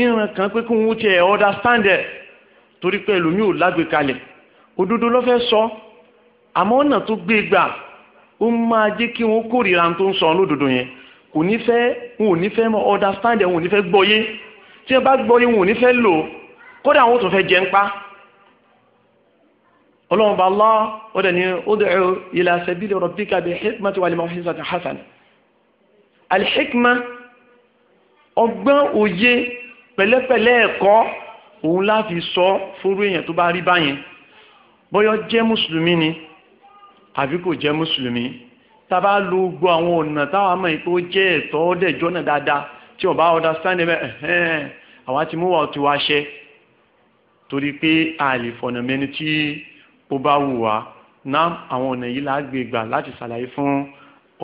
ìran kan pé kóun ti ẹ̀ understand ẹ̀ torí pé ẹlòmíì ò lágbèkalẹ̀ òdodo ló fẹ́ sọ àmọ́ ọ̀nà tó gbé gbà ó máa jẹ́ kí wọ́n kórìíra tó ń sọ lódodo yẹn kò ní fẹ́ wọn ò ní fẹ́ mọ understand ẹ̀ wọn ò ní fẹ́ gbọ́yé tí wọ́n bá gbọ́yé wọn ò ní fẹ́ lò kódà wọn ò tún fẹ́ jẹ́ ń pa ọlọ́run bá lọ́ ọdẹ ni ud'u ila sabili rabbika bil hikmati wal maw'izati hasana al hikma ọgbọ́n òye pẹ̀lẹ́pẹ̀lẹ́ ẹ̀kọ́ òun láfi sọ fóró èèyàn tó bá rí báyẹn bóyá jẹ́ mùsùlùmí ni àbí kò jẹ́ mùsùlùmí tá a bá lo gbogbo àwọn ọ̀nà táwọn àmọ́ yìí tó jẹ́ ẹ̀tọ́ ọ̀dẹ̀jọ́ náà dáadáa tí ọba ọ̀dà sáńdẹ̀ bẹ́ẹ̀ àwa ti mú wa ọtí wa ṣẹ́ torí pé àlè fọ̀nà mẹ́ni tí ó bá wù wá ná àwọn ọ̀nà yìí lágbè gbà láti ṣàlàyé fún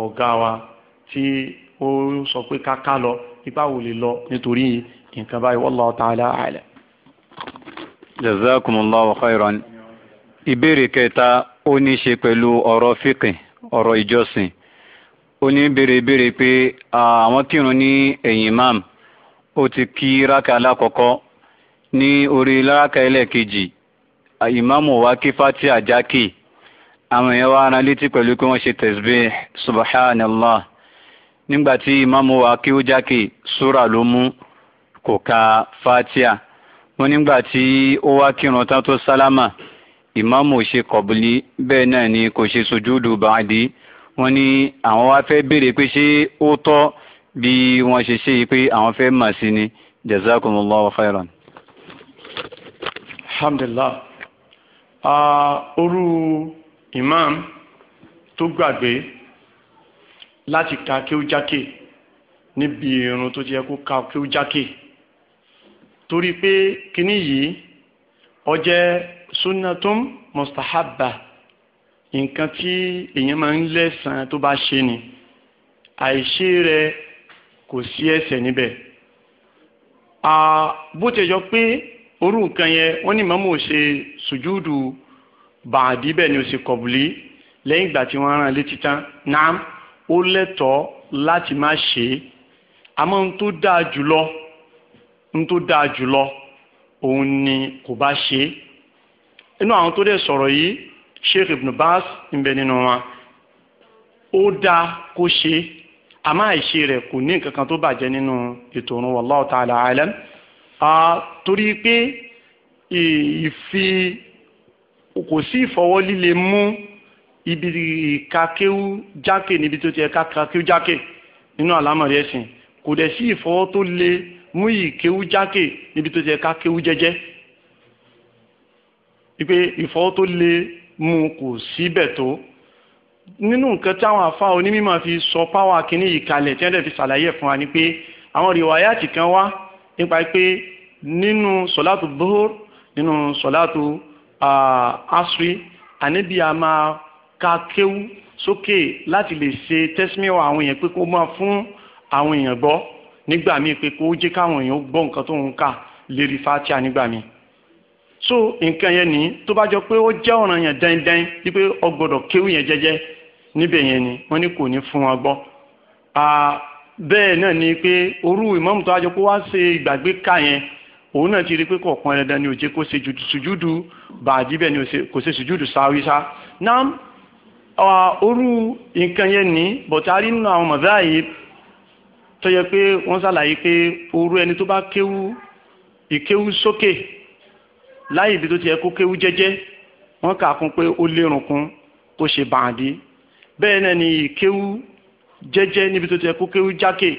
ọ̀gá wa tí ó sọ pé káká lọ ipá wò lè lọ nítorí nǹkan báyìí wallahu ta'ala a'lam.
jazakumullahu khairan. ìbéèrè kẹta ó ní í ṣe pẹ̀lú ọ̀rọ̀ fíkìn, ọ̀rọ̀ ìjọsìn ó ní béèrè béèrè pé àwọn kírun ní ẹ̀yìn imam ó ti kí rákà alákọ̀ọ́kọ́ ní orí ẹlẹ́ẹ̀kejì wa kí fatia jákè àwọn èèyàn wa ara létí pẹ̀lú pé wọ́n ṣe subhanallah nígbà tí wa kí ó fatia nígbà tí ó wá kírun ìmáàmù ṣe kọ̀bùlí bẹ́ẹ̀ náà ni kò ṣe sojúdù báàdì wọ́n ní àwọn wá fẹ́ béèrè pé ṣé ó tọ́ bí wọ́n ṣe ṣe pé àwọn fẹ́ mà sí ni jazakumullahu khairan. alhamdulillah
orú imam tó gbàgbé láti ka kí ó jákè níbi irun tó ti yẹ kó ka kí ó jákè torí pé kíní yìí ó sunnatum mustahabba nǹkan tí èèyàn máa ń lẹ́sàn tó bá ṣe ni àìṣe rẹ̀ kò sí ẹ̀ṣẹ̀ níbẹ̀ bó ti jọ pé orú nǹkan yẹn wọ́n ní mọ́mú ò ṣe sùjúdù bàdí bẹ́ẹ̀ ni ò sì kọ̀bùlí lẹ́yìn ìgbà tí wọ́n rán létí tán náà ó lẹ́tọ̀ọ́ láti má ṣe é àmọ́ ohun tó dáa jùlọ ohun tó dáa jùlọ òun ni kò bá ṣe é inú àwọn tó dẹ̀ sọ̀rọ̀ yìí Sheikh Ibn Baz ń bẹ nínú wọn ó dáa kó ṣe àmọ́ àìṣe rẹ̀ kò ní nǹkan kan tó bàjẹ́ nínú ètò òun wallahu ta'ala alam torí pé ìfi kò sí ìfọwọ́ líle mú ibi kakéwú jákè níbi tó ti ẹ̀ka kakéwú jákè nínú àlámọ̀rí ẹ̀sìn kò dẹ̀ sí ìfọwọ́ tó le mú ìkéwú jákè níbi tó ti ẹ̀ka kéwú jẹ́jẹ́ wípé ìfọwọ́ tó lè mú kò síbẹ̀ tó nínú nǹkan tí àwọn àfa onímọ̀ fi sọ páwà kínní yìí kalẹ̀ tí wọ́n dẹ̀ fi ṣàlàyé fún wa ni pé àwọn rìwáyàtì kan wá nípa pé nínú sọ̀látù bóhór nínú sọ̀látù asri àníbi a máa ka kéwú sókè láti lè ṣe tẹ́símẹ́wà àwọn èèyàn pé kó máa fún àwọn èèyàn gbọ́ nígbà míì pé kó jẹ́ káwọn èèyàn gbọ́ nǹkan tó ń kà lérí fatia nígbà míì so nǹkan yẹn ni tó bá jọ pé ó jẹ́ ọ̀ràn yẹn dandan wípé ó gbọ́dọ̀ kéwù yẹn jẹ́jẹ́ níbẹ̀ yẹn ni wọ́n ní kò ní fún wọn gbọ́ bẹ́ẹ̀ náà ni pé orú ìmáàmù tó a jọ pé wá ṣe ìgbàgbé ká yẹn òun náà ti rí pé kọ̀ọ̀kan dandan ni ò jẹ́ kó ṣe sùjúdù bàdí bẹ́ẹ̀ ni kò ṣe sùjúdù sáwí sá náà orú nǹkan yẹn ni bọ̀tà rí nínú àwọn mọ̀dá láyé ibi tó ti yẹ kó kéwú jẹ́jẹ́ wọ́n kà kún pé ó lérun kún ṣe bàǹdí bẹ́ẹ̀ náà ni ìkéwú jẹ́jẹ́ níbi tó ti yẹ kó kéwú jákè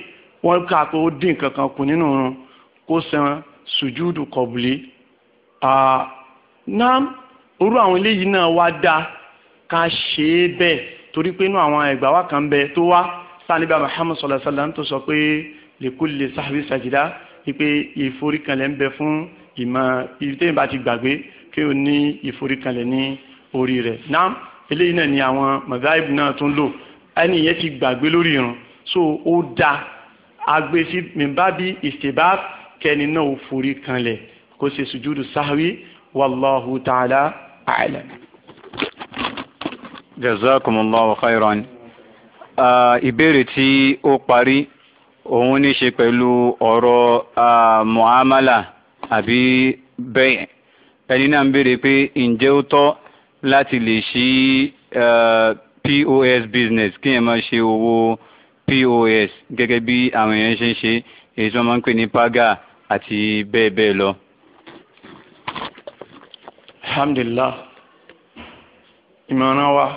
wọ́n kà pé ó dín nǹkan kan kù nínú oorun kó san sùjúdù kọ̀bùlé náà orú àwọn eléyìí náà wá dá ká ṣe é bẹ́ẹ̀ torí pé inú àwọn ẹgbà wa kan bẹ tó wá sanibà Muhammad sallallahu alaihi wasallam tó sọ pé lèkúlè sahbi sajida wípé ìforíkanlẹ̀ ń bẹ fún ìmọ̀ ibi téèyàn bá ti gbàgbé kí o ní ìforíkanlẹ̀ ní orí rẹ̀ náà eléyìí náà ni àwọn mọ̀dáìbù náà tún lò ẹni yẹn ti gbàgbé lórí irun so ó da agbésí mìbábí ìṣèbá kẹni náà ò foríkanlẹ̀ kó ṣe sùjúdù sáháwí wàlláhu ta'ala a'lam.
jazakumullahu khairan ìbéèrè tí ó parí òun ní ṣe pẹ̀lú ọ̀rọ̀ muamala àbí bẹ́ẹ̀ ẹni náà ń béèrè pé ǹjẹ́ ó tọ́ láti lè ṣí POS business kí ẹ máa ṣe owó POS gẹ́gẹ́ bí àwọn èèyàn ṣe ń ṣe èyí tí wọ́n máa ń pè ní paga àti bẹ́ẹ̀ bẹ́ẹ̀ lọ. alhamdulillah ìmọ̀ràn wa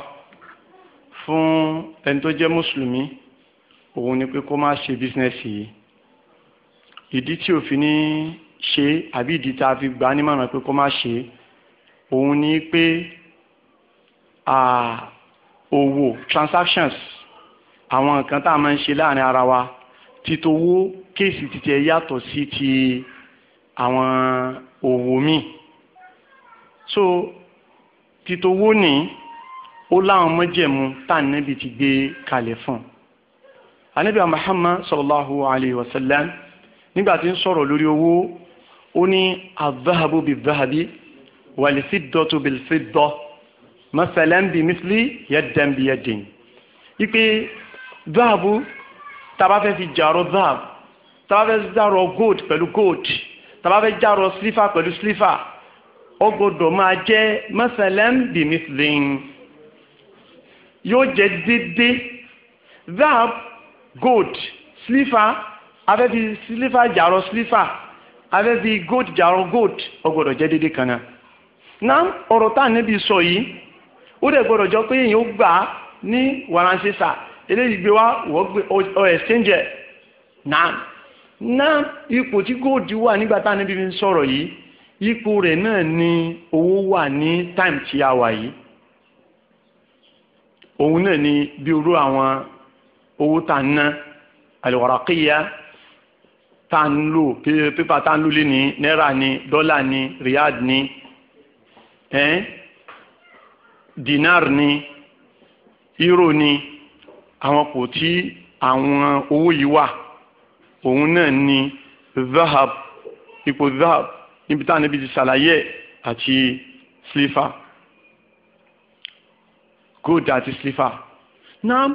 fún
ẹni tó jẹ́ mùsùlùmí òun ni pé kó má ṣe bísínẹ́sì yìí ìdí tí òfin ní ṣe àbí ìdí tá a fi gbà á nímọ̀ràn pé kó má ṣe òun ni pé owó transactions àwọn nǹkan tá a máa ń ṣe láàrin ara wa títowó kéèsì títí ẹ yàtọ̀ sí ti àwọn òwò míì so títowó ní ó láwọn mọ́jẹ̀mú tá a níbi ti gbé kalẹ̀ fún un anabi muhammad sallallahu alayhi wa sallam nígbà tí ń sọ̀rọ̀ lórí owó ó ní azahabu bi zahabi wàlífìdọ́tò bìlífìdọ́ mọ́sálẹ́ǹbì mísílì yẹ́dẹ́ǹbì yẹ́dẹ́ǹ ipe zahabu taba fẹ́ fi jàrọ̀ zahabu taba fẹ́ fi jàrọ̀ gold pẹ̀lú gold taba fẹ́ jàrọ̀ sílífà pẹ̀lú sílífà ó gbọ́dọ̀ máa jẹ́ mọ́sálẹ́ǹbì mísílì yóò jẹ́ déédéé zahabu gold sílífà afẹ́fi sílífà jàrọ̀ sílífà. abẹ́ fi gold jàrọ gold ọgbọ́dọ̀ jẹ́ kan náà na ọ̀rọ̀ tá à níbi sọ yìí ó dẹ̀ gbọdọ jọ pé èèyàn ó gbà á ní wàránṣẹ́sà eléyìí gbé wá wọ́n gbé ọ exchange na náà ipò tí gold wà nígbà tá níbi sọ̀rọ̀ yìí ipò rẹ̀ náà ni owó wà ní time tí ni bí àwọn owó tá à ń lò pépà tá à ń lò lé ní náírà ní dọ́là ní riyad ní dinar ní euro ní àwọn kò tí àwọn owó yìí wà òun náà ní zahab ipò zahab níbi tá à níbi ti ṣàlàyé àti slifa gold àti slifa náà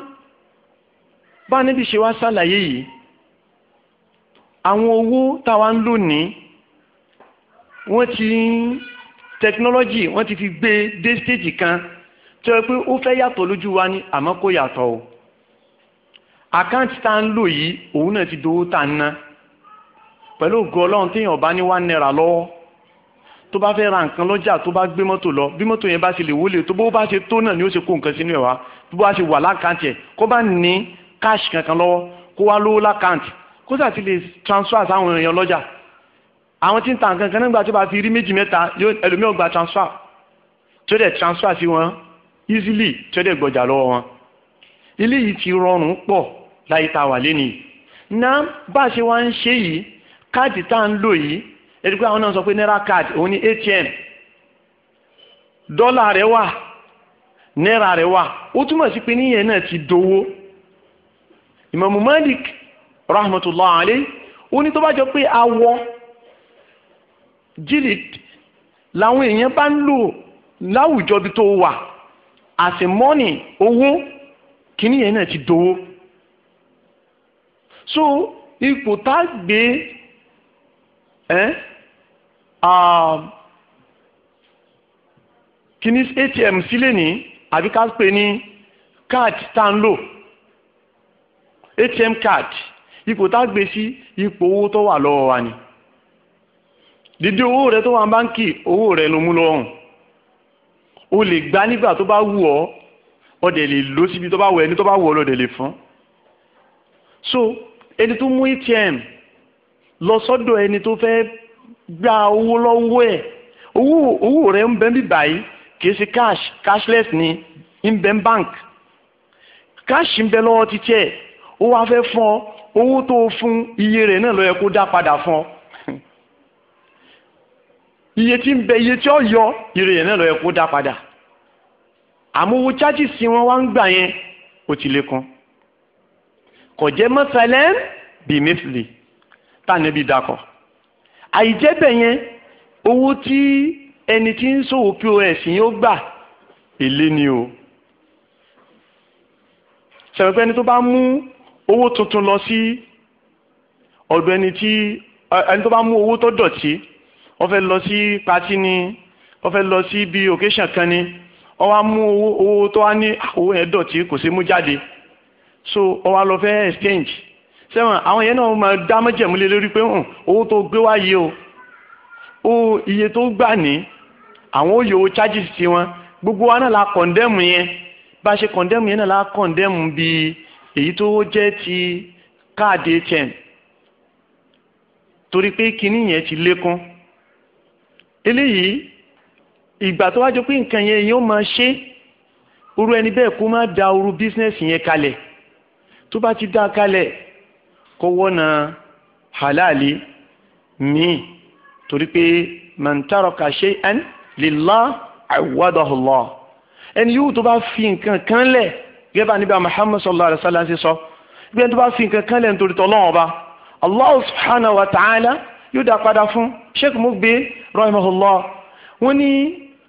bá níbi ṣe wá ṣàlàyé yìí àwọn owó táwa ń lò ní wọ́n ti tẹkinọ́lọ́jì wọ́n ti fi gbé dé stéèjì kan tó yẹ pé ó fẹ́ yàtọ̀ lójú wa ni àmọ́ kò yàtọ̀ o àkáǹtì tá ń lò yìí òun náà ti dowó tá ń ná pẹ̀lú ògo ọlọ́run téèyàn bá ní wá náírà lọ́wọ́ tó bá fẹ́ ra nǹkan lọ́jà tó bá gbé mọ́tò lọ bí mọ́tò yẹn bá ṣe lè wọlé tó bó bá ṣe tó náà ni ó ṣe kó nǹkan sínú ẹ̀ wá tó bá ṣe wà lákàǹtì ẹ̀ kó bá ní káàṣì kankan lọ́wọ́ kó wá lówó lákàǹtì kó sà lè transfer sáwọn èèyàn lọ́jà àwọn tí ń ta nǹkan kan nígbà tó bá fi rí méjì mẹ́ta ẹlòmíì ó gba transfer tó dẹ̀ transfer sí wọn easily tó dẹ̀ gbọjà lọ́wọ́ wọn ilé yìí ti rọrùn pọ̀ láyé tá a wà lé nìyí ná bá a ṣe wá ń ṣe yìí káàdì tá à ń lò yìí ẹ̀dùkú àwọn náà sọ pé náírà káàdì òun ni ATM dọ́là rẹ̀ wà náírà rẹ̀ wà ó túmọ̀ sí pé níyẹn náà ti dowó Ìmámù Malik rahmatullahi alayhi ó ní tó bá jọ pé awọ jilid làwọn èèyàn bá ń lò láwùjọ bí tó wà àsìmọ́nì owó kìíní yẹn náà ti dowó so ipò tá a gbé kìíní atm sílẹ̀ ní àbí ká pè ní card tá a atm card ipò tá a gbé sí ipò owó tó wà lọ́wọ́ wa ni dídí owó rẹ tó wà báńkì owó rẹ ló mú lọ́rùn o lè gbà nígbà tó bá wù ọ́ ọ dẹ̀ lè lọ síbi tó bá wù ẹni tó bá wù ọ́ lọ dẹ̀ lè fún so ẹni tó mú ATM lọ sọ́dọ̀ ẹni tó fẹ́ gba owó lọ́wọ́ ẹ̀ owó rẹ ń bẹ bí báyìí kìí ṣe cash cashless ni ń bẹ bank cash ń bẹ lọ́wọ́ ti tiẹ̀ ó wá fẹ́ fún ọ owó tó fún iye rẹ̀ náà ló yẹ kó dá padà fún ọ iye tí ń bẹ iye tí ó yọ iye rẹ̀ náà ló yẹ kó dá padà àmọ́ owó chájì sí wọn wá ń gbà yẹn ó ti lé kan kò jẹ́ mọ́sálẹ́ bí mẹ́fìlì tànàbí dakọ̀ àìjẹ́ bẹ̀ yẹn owó tí ẹni tí ń ṣòwò pos yẹn gbà èlé ni o ṣàpẹ́pẹ́ ẹni tó bá mú owó tuntun lọ sí ọ̀dọ̀ ẹni tí ẹni tó bá mú owó tó dọ̀tí wọ́n fẹ́ lọ sí pati ni wọ́n fẹ́ lọ sí bí occasion kan ni wọ́n wá mú owó tó wá ní ah, owó yẹn dọ̀tí kò sí mú jáde so wọ́n wá lọ fẹ́ exchange sẹ́wọ̀n àwọn yẹn náà máa dá mọ́jẹ̀múlẹ̀ lórí pé hàn hmm, owó tó gbé wá yìí o ó iye tó gbà ní àwọn ó yòó charges tiwọn gbogbo wa náà la condemn yẹn bá a ṣe condemn yẹn náà la condemn bíi èyí tó jẹ́ ti káàdì atm torí pé kinní yẹn ti lékún eléyìí ìgbà tó wá jọ pé nǹkan yẹn yóò máa ṣe irú ẹni bẹ́ẹ̀ kó má da irú bísínẹ́sì yẹn kalẹ̀ tó bá ti dá kalẹ̀ kó wọ́nà halali míì torí pé man taraka shay'an lillah awadahu Allah ẹni yóò tó bá fi nǹkan kan lẹ̀ gẹ́gẹ́ bá níbi Muhammad sallallahu alaihi wasallam ṣe sọ bí ẹni tó bá fi nǹkan kan lẹ́nu torí tọ́lọ́run ọba Allah subhanahu wa ta'ala yóò dá padà fún Sheikh Mugbe rahimahullah wọ́n ní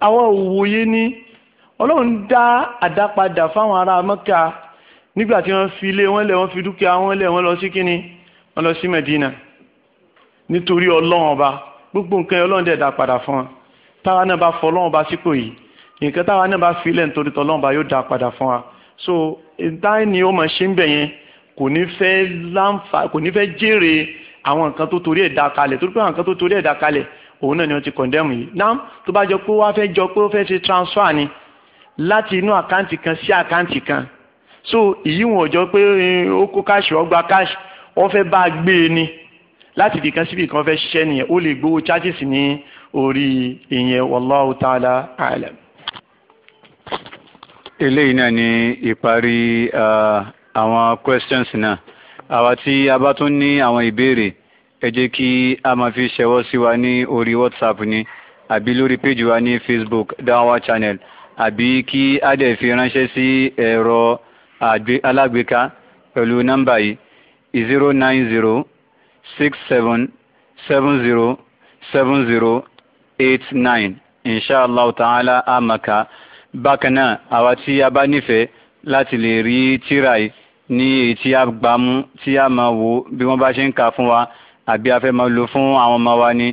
àwọn òwòye ní ọlọ́run dá àdápadà fáwọn ará Mẹ́kà nígbà tí wọ́n fi ilé wọn lẹ̀ wọ́n fi dúkìá wọn lẹ̀ wọ́n lọ sí kínní wọ́n lọ sí Medina nítorí ọlọ́run ọba gbogbo nǹkan ọlọ́run dẹ̀ dá padà fún táwa náà bá fọ ọlọ́run ọba sípò yìí nǹkan táwa náà bá fi ilẹ̀ nítorí tọ́lọ́run ọba yóò dá padà fún wa so táyì ni ó máa ṣe ń bẹ̀ yẹn kò ní fẹ́ láǹfà kò ní fẹ́ jèrè àwọn nǹkan tó torí ẹ̀ dá kalẹ̀ torí pé àwọn nǹkan tó torí ẹ̀ dá kalẹ̀ òun náà ni wọ́n ti condemn yìí náà tó bá jọ pé wọ́n á fẹ́ jọ pé ó fẹ́ ṣe transfer ni láti inú àkáǹtì kan sí àkáǹtì kan so èyí wọn ò jọ pé eh, ó kó káàṣì ó káàṣì wọ́n fẹ́ bá a gbé e ni láti ibì kan síbì kan fẹ́ ṣiṣẹ́ nìyẹn ó lè gbowó charges ní orí ìyẹn wallahu ta'ala a'lam
eléyìí náà ni ìparí àwọn questions náà àwa tí a bá tún ní àwọn ìbéèrè ẹ jẹ́ kí a máa fi ṣẹwọ́ sí wa ní orí whatsapp ni àbí lórí péjì wa ní facebook Da'wah channel àbí kí a dẹ̀ fi ránṣẹ́ sí ẹ̀rọ alágbèéká pẹ̀lú nọ́mbà yìí zero nine zero six seven seven zero seven zero eight nine inshallah ta'ala amaka bákan náà àwa tí a bá nífẹ̀ẹ́ láti lè rí tírà yìí ní èyí tí a gbà mú tí a máa wò bí wọ́n bá ṣe ń kà fún wa àbí a fẹ́ máa lò fún àwọn ọmọ wa ni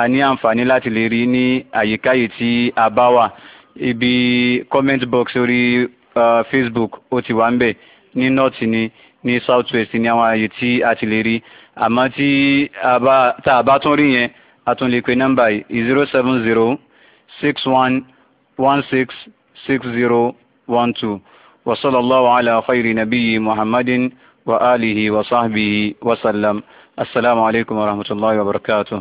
a ní àǹfààní láti lè rí ní àyíká yìí tí a bá wà ibi comment box orí uh, Facebook ó ti wà ń bẹ̀ ní north ni ní south west ni àwọn àyè tí a ti lè rí àmọ́ tí tá a bá tún rí yẹn a tún lè pe nọ́mbà yìí zero seven zero six one one six. 6012 وصلى الله على خير نبي محمد وآله وصحبه وسلم السلام عليكم ورحمة الله وبركاته